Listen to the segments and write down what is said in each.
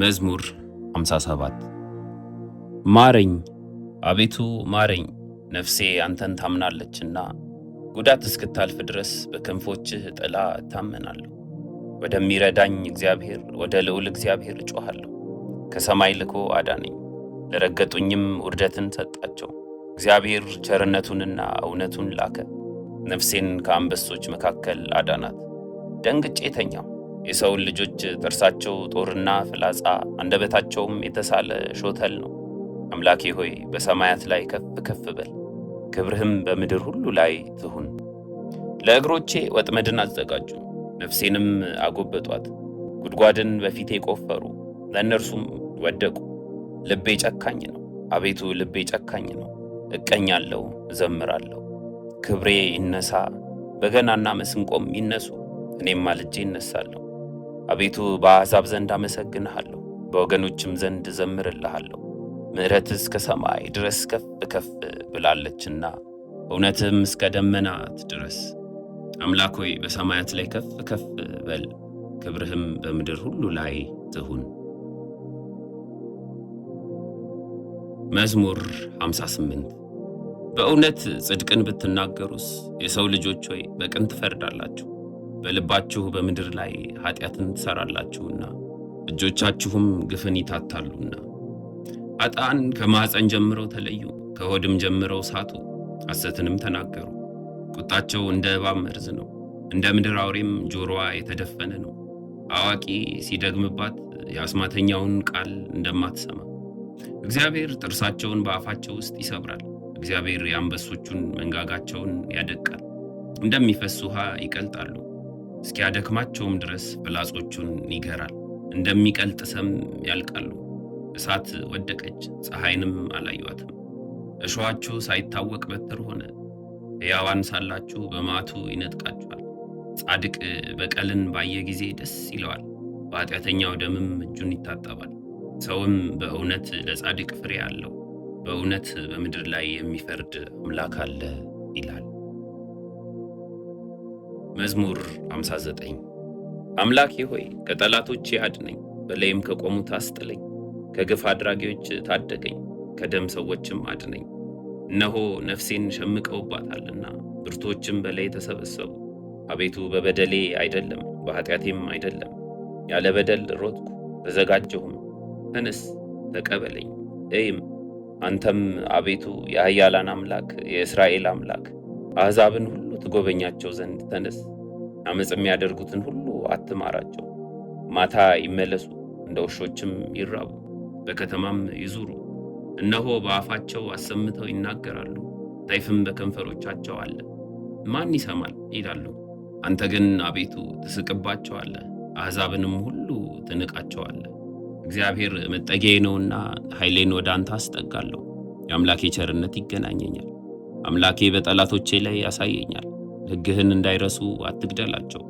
መዝሙር 57 ማረኝ አቤቱ ማረኝ፣ ነፍሴ አንተን ታምናለችና ጉዳት እስክታልፍ ድረስ በክንፎችህ ጥላ እታመናለሁ። ወደሚረዳኝ እግዚአብሔር ወደ ልዑል እግዚአብሔር እጮኋለሁ። ከሰማይ ልኮ አዳነኝ፣ ለረገጡኝም ውርደትን ሰጣቸው። እግዚአብሔር ቸርነቱንና እውነቱን ላከ፣ ነፍሴን ከአንበሶች መካከል አዳናት። ደንግጬ ተኛው የሰውን ልጆች ጥርሳቸው ጦርና ፍላጻ፣ አንደበታቸውም የተሳለ ሾተል ነው። አምላኬ ሆይ በሰማያት ላይ ከፍ ከፍ በል፣ ክብርህም በምድር ሁሉ ላይ ትሁን። ለእግሮቼ ወጥመድን አዘጋጁ፣ ነፍሴንም አጎበጧት። ጉድጓድን በፊቴ ቆፈሩ፣ ለእነርሱም ወደቁ። ልቤ ጨካኝ ነው፣ አቤቱ ልቤ ጨካኝ ነው። እቀኛለሁ፣ እዘምራለሁ። ክብሬ ይነሳ፣ በገናና መስንቆም ይነሱ፣ እኔም ማልጄ ይነሳለሁ። አቤቱ በአሕዛብ ዘንድ አመሰግንሃለሁ፣ በወገኖችም ዘንድ ዘምርልሃለሁ። ምሕረትህ እስከ ሰማይ ድረስ ከፍ ከፍ ብላለችና እውነትም እስከ ደመናት ድረስ። አምላክ ሆይ በሰማያት ላይ ከፍ ከፍ በል፣ ክብርህም በምድር ሁሉ ላይ ትሁን። መዝሙር 58 በእውነት ጽድቅን ብትናገሩስ፣ የሰው ልጆች ሆይ በቅን ትፈርዳላችሁ። በልባችሁ በምድር ላይ ኃጢአትን ትሠራላችሁና እጆቻችሁም ግፍን ይታታሉና አጣን ከማኅፀን ጀምረው ተለዩ፣ ከሆድም ጀምረው ሳቱ፣ ሐሰትንም ተናገሩ። ቁጣቸው እንደ እባብ መርዝ ነው፣ እንደ ምድር አውሬም ጆሮዋ የተደፈነ ነው። አዋቂ ሲደግምባት የአስማተኛውን ቃል እንደማትሰማ እግዚአብሔር ጥርሳቸውን በአፋቸው ውስጥ ይሰብራል። እግዚአብሔር የአንበሶቹን መንጋጋቸውን ያደቃል፣ እንደሚፈስ ውሃ ይቀልጣሉ። እስኪያደክማቸውም ድረስ ፍላጾቹን ይገራል። እንደሚቀልጥ ሰም ያልቃሉ። እሳት ወደቀች፣ ፀሐይንም አላዩዋትም። እሾኋችሁ ሳይታወቅ በትር ሆነ። ሕያዋን ሳላችሁ በማቱ ይነጥቃችኋል። ጻድቅ በቀልን ባየ ጊዜ ደስ ይለዋል፣ በኃጢአተኛው ደምም እጁን ይታጠባል። ሰውም በእውነት ለጻድቅ ፍሬ አለው፣ በእውነት በምድር ላይ የሚፈርድ አምላክ አለ ይላል። መዝሙር 59 አምላኬ ሆይ ከጠላቶቼ አድነኝ፣ በላይም ከቆሙት አስጥለኝ፣ ከግፍ አድራጊዎች ታደገኝ፣ ከደም ሰዎችም አድነኝ። እነሆ ነፍሴን ሸምቀውባታልና ብርቶችም በላይ ተሰበሰቡ። አቤቱ በበደሌ አይደለም በኃጢአቴም አይደለም፣ ያለ በደል ሮጥኩ ተዘጋጀሁም። ተነስ ተቀበለኝ እይም። አንተም አቤቱ የኃያላን አምላክ የእስራኤል አምላክ አሕዛብን ሁሉ ትጎበኛቸው ዘንድ ተነስ፣ አመፅ የሚያደርጉትን ሁሉ አትማራቸው። ማታ ይመለሱ፣ እንደ ውሾችም ይራቡ፣ በከተማም ይዙሩ። እነሆ በአፋቸው አሰምተው ይናገራሉ፣ ሰይፍም በከንፈሮቻቸው አለ። ማን ይሰማል ይላሉ። አንተ ግን አቤቱ ትስቅባቸዋለህ፣ አሕዛብንም ሁሉ ትንቃቸዋለህ። እግዚአብሔር መጠጊያዬ ነውና ኃይሌን ወደ አንተ አስጠጋለሁ። የአምላኬ ቸርነት ይገናኘኛል። አምላኬ በጠላቶቼ ላይ ያሳየኛል። ሕግህን እንዳይረሱ አትግደላቸው።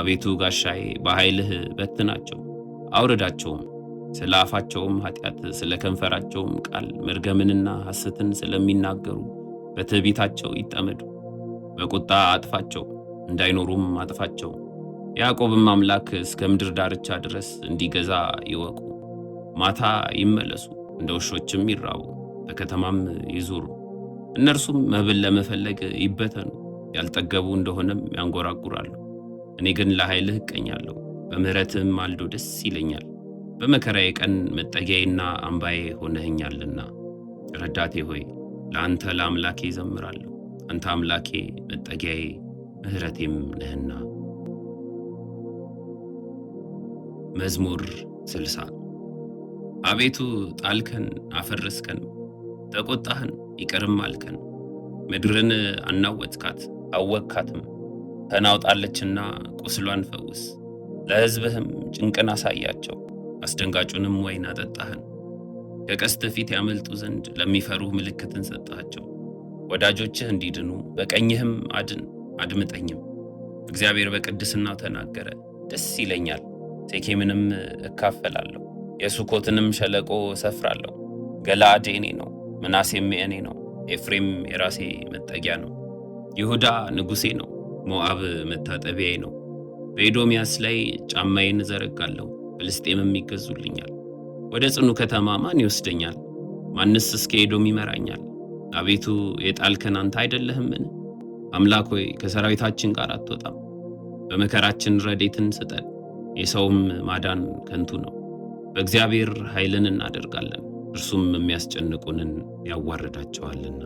አቤቱ ጋሻዬ፣ በኃይልህ በትናቸው አውረዳቸውም። ስለ አፋቸውም ኃጢአት፣ ስለ ከንፈራቸውም ቃል መርገምንና ሐሰትን ስለሚናገሩ በትዕቢታቸው ይጠመዱ። በቁጣ አጥፋቸው፣ እንዳይኖሩም አጥፋቸው። ያዕቆብም አምላክ እስከ ምድር ዳርቻ ድረስ እንዲገዛ ይወቁ። ማታ ይመለሱ፣ እንደ ውሾችም ይራቡ፣ በከተማም ይዙሩ። እነርሱም መብል ለመፈለግ ይበተኑ፣ ያልጠገቡ እንደሆነም ያንጎራጉራሉ። እኔ ግን ለኃይልህ እቀኛለሁ፣ በምሕረትህም ማልዶ ደስ ይለኛል። በመከራዬ ቀን መጠጊያዬና አምባዬ ሆነህኛልና፣ ረዳቴ ሆይ ለአንተ ለአምላኬ እዘምራለሁ። አንተ አምላኬ መጠጊያዬ ምሕረቴም ነህና። መዝሙር ስልሳ አቤቱ ጣልከን አፈረስከን፣ ተቆጣህን ይቅርም አልከን። ምድርን አናወጥካት አወቅካትም። ተናውጣለችና ቁስሏን ፈውስ፣ ለሕዝብህም ጭንቅን አሳያቸው። አስደንጋጩንም ወይን አጠጣህን። ከቀስት ፊት ያመልጡ ዘንድ ለሚፈሩህ ምልክትን ሰጠሃቸው። ወዳጆችህ እንዲድኑ በቀኝህም አድን። አድምጠኝም እግዚአብሔር በቅድስናው ተናገረ። ደስ ይለኛል፣ ሴኬምንም እካፈላለሁ፣ የሱኮትንም ሸለቆ እሰፍራለሁ። ገላ የኔ ነው፣ ምናሴም የእኔ ነው። ኤፍሬም የራሴ መጠጊያ ነው። ይሁዳ ንጉሴ ነው። ሞዓብ መታጠቢያዬ ነው። በኤዶምያስ ላይ ጫማዬን እዘረጋለሁ፣ ፍልስጤምም ይገዙልኛል። ወደ ጽኑ ከተማ ማን ይወስደኛል? ማንስ እስከ ኤዶም ይመራኛል? አቤቱ የጣልከን አንተ አይደለህምን? አምላክ ሆይ ከሰራዊታችን ጋር አትወጣም። በመከራችን ረዴትን ስጠን፣ የሰውም ማዳን ከንቱ ነው። በእግዚአብሔር ኃይልን እናደርጋለን። እርሱም የሚያስጨንቁንን ያዋርዳቸዋልና።